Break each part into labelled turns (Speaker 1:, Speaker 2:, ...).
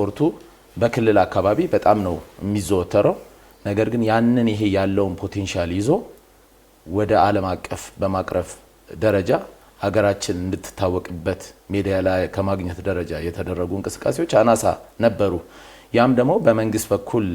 Speaker 1: ስፖርቱ በክልል አካባቢ በጣም ነው የሚዘወተረው። ነገር ግን ያንን ይሄ ያለውን ፖቴንሻል ይዞ ወደ ዓለም አቀፍ በማቅረፍ ደረጃ ሀገራችን እንድትታወቅበት ሜዲያ ላይ ከማግኘት ደረጃ የተደረጉ እንቅስቃሴዎች አናሳ ነበሩ። ያም ደግሞ በመንግስት በኩል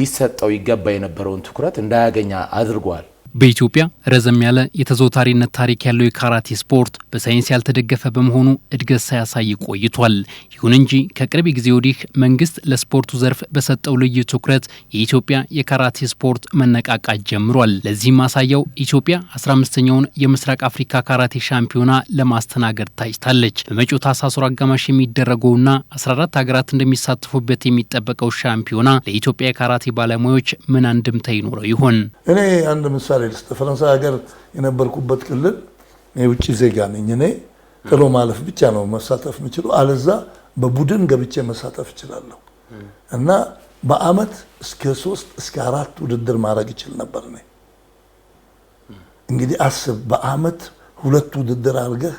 Speaker 1: ሊሰጠው ይገባ የነበረውን ትኩረት እንዳያገኛ አድርጓል።
Speaker 2: በኢትዮጵያ ረዘም ያለ የተዘውታሪነት ታሪክ ያለው የካራቴ ስፖርት በሳይንስ ያልተደገፈ በመሆኑ እድገት ሳያሳይ ቆይቷል። ይሁን እንጂ ከቅርብ ጊዜ ወዲህ መንግስት ለስፖርቱ ዘርፍ በሰጠው ልዩ ትኩረት የኢትዮጵያ የካራቴ ስፖርት መነቃቃት ጀምሯል። ለዚህ ማሳያው ኢትዮጵያ 15ኛውን የምስራቅ አፍሪካ ካራቴ ሻምፒዮና ለማስተናገድ ታጭታለች። በመጪው ታህሳስ ወር አጋማሽ የሚደረገውና 14 ሀገራት እንደሚሳተፉበት የሚጠበቀው ሻምፒዮና ለኢትዮጵያ የካራቴ ባለሙያዎች ምን አንድምታ ይኖረው ይሆን?
Speaker 3: እኔ አንድ ምሳሌ እስራኤል ውስጥ ፈረንሳይ ሀገር የነበርኩበት ክልል የውጭ ዜጋ ነኝ እኔ። ጥሎ ማለፍ ብቻ ነው መሳተፍ የምችለው። አለዛ በቡድን ገብቼ መሳተፍ እችላለሁ እና በአመት እስከ ሶስት እስከ አራት ውድድር ማድረግ ይችል ነበር እኔ። እንግዲህ አስብ፣ በአመት ሁለት ውድድር አድርገህ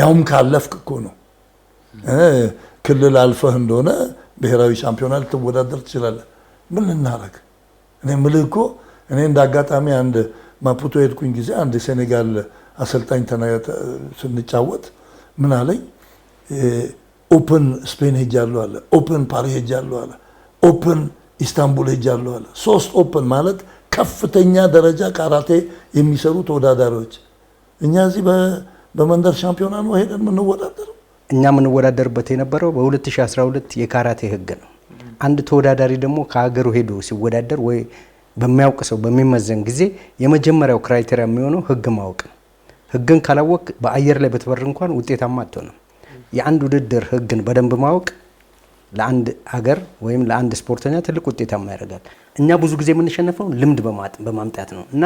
Speaker 3: ያውም ካለፍክ እኮ ነው። ክልል አልፈህ እንደሆነ ብሔራዊ ሻምፒዮና ልትወዳደር ትችላለህ። ምን ልናደርግ እኔ ምልህ እኮ እኔ እንደ አጋጣሚ አንድ ማፑቶ የሄድኩኝ ጊዜ አንድ የሴኔጋል አሰልጣኝ ስንጫወት ምን አለኝ፣ ኦፕን ስፔን ሄጃለሁ አለ፣ ኦፕን ፓሪ ሄጃለሁ አለ፣ ኦፕን ኢስታንቡል ሄጃለሁ አለ። ሶስት ኦፕን ማለት ከፍተኛ ደረጃ ካራቴ የሚሰሩ ተወዳዳሪዎች። እኛ እዚህ በመንደር ሻምፒዮና ነው ሄደን የምንወዳደረው።
Speaker 1: እኛ የምንወዳደርበት የነበረው በ2012 የካራቴ ህግ ነው። አንድ ተወዳዳሪ ደግሞ ከሀገሩ ሄዶ ሲወዳደር ወይ በሚያውቅ ሰው በሚመዘን ጊዜ የመጀመሪያው ክራይቴሪያ የሚሆነው ህግ ማወቅ ነው። ህግን ካላወቅ በአየር ላይ ብትበር እንኳን ውጤታማ አትሆንም። የአንድ ውድድር ህግን በደንብ ማወቅ ለአንድ ሀገር ወይም ለአንድ ስፖርተኛ ትልቅ ውጤታማ ያደርጋል። እኛ ብዙ ጊዜ የምንሸነፈው ልምድ በማምጣት ነው እና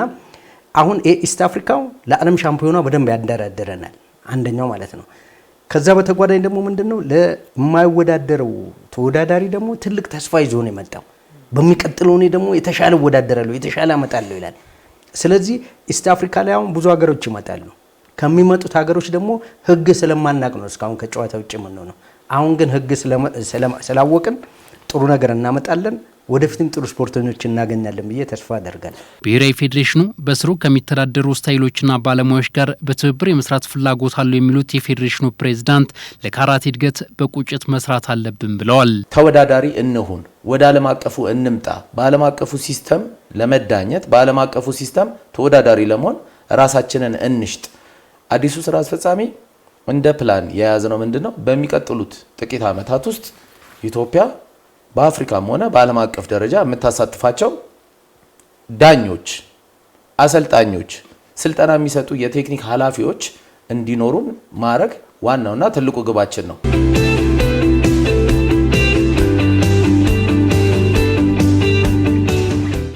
Speaker 1: አሁን ኢስት አፍሪካው ለዓለም ሻምፒዮኗ በደንብ ያደራደረናል አንደኛው ማለት ነው። ከዛ በተጓዳኝ ደግሞ ምንድን ነው ለማይወዳደረው ተወዳዳሪ ደግሞ ትልቅ ተስፋ ይዞ ነው የመጣው በሚቀጥለው እኔ ደግሞ የተሻለ እወዳደራለሁ፣ የተሻለ አመጣለሁ ይላል። ስለዚህ ኢስት አፍሪካ ላይ አሁን ብዙ ሀገሮች ይመጣሉ። ከሚመጡት ሀገሮች ደግሞ ህግ ስለማናቅ ነው እስካሁን ከጨዋታ ውጭ የምንሆነው። አሁን ግን ህግ ስላወቅን ጥሩ ነገር እናመጣለን። ወደፊትም ጥሩ ስፖርተኞች እናገኛለን ብዬ ተስፋ አደርጋለሁ።
Speaker 2: ብሔራዊ ፌዴሬሽኑ በስሩ ከሚተዳደሩ ስታይሎችና ባለሙያዎች ጋር በትብብር የመስራት ፍላጎት አለው የሚሉት የፌዴሬሽኑ ፕሬዝዳንት ለካራቴ እድገት በቁጭት መስራት አለብን ብለዋል።
Speaker 4: ተወዳዳሪ እንሁን፣ ወደ ዓለም አቀፉ እንምጣ። በዓለም አቀፉ ሲስተም ለመዳኘት፣ በዓለም አቀፉ ሲስተም ተወዳዳሪ ለመሆን ራሳችንን እንሽጥ። አዲሱ ስራ አስፈጻሚ እንደ ፕላን የያዝ ነው ምንድን ነው በሚቀጥሉት ጥቂት ዓመታት ውስጥ ኢትዮጵያ በአፍሪካም ሆነ በዓለም አቀፍ ደረጃ የምታሳትፋቸው ዳኞች፣ አሰልጣኞች፣ ስልጠና የሚሰጡ የቴክኒክ ኃላፊዎች እንዲኖሩን ማድረግ ዋናውና ትልቁ ግባችን ነው።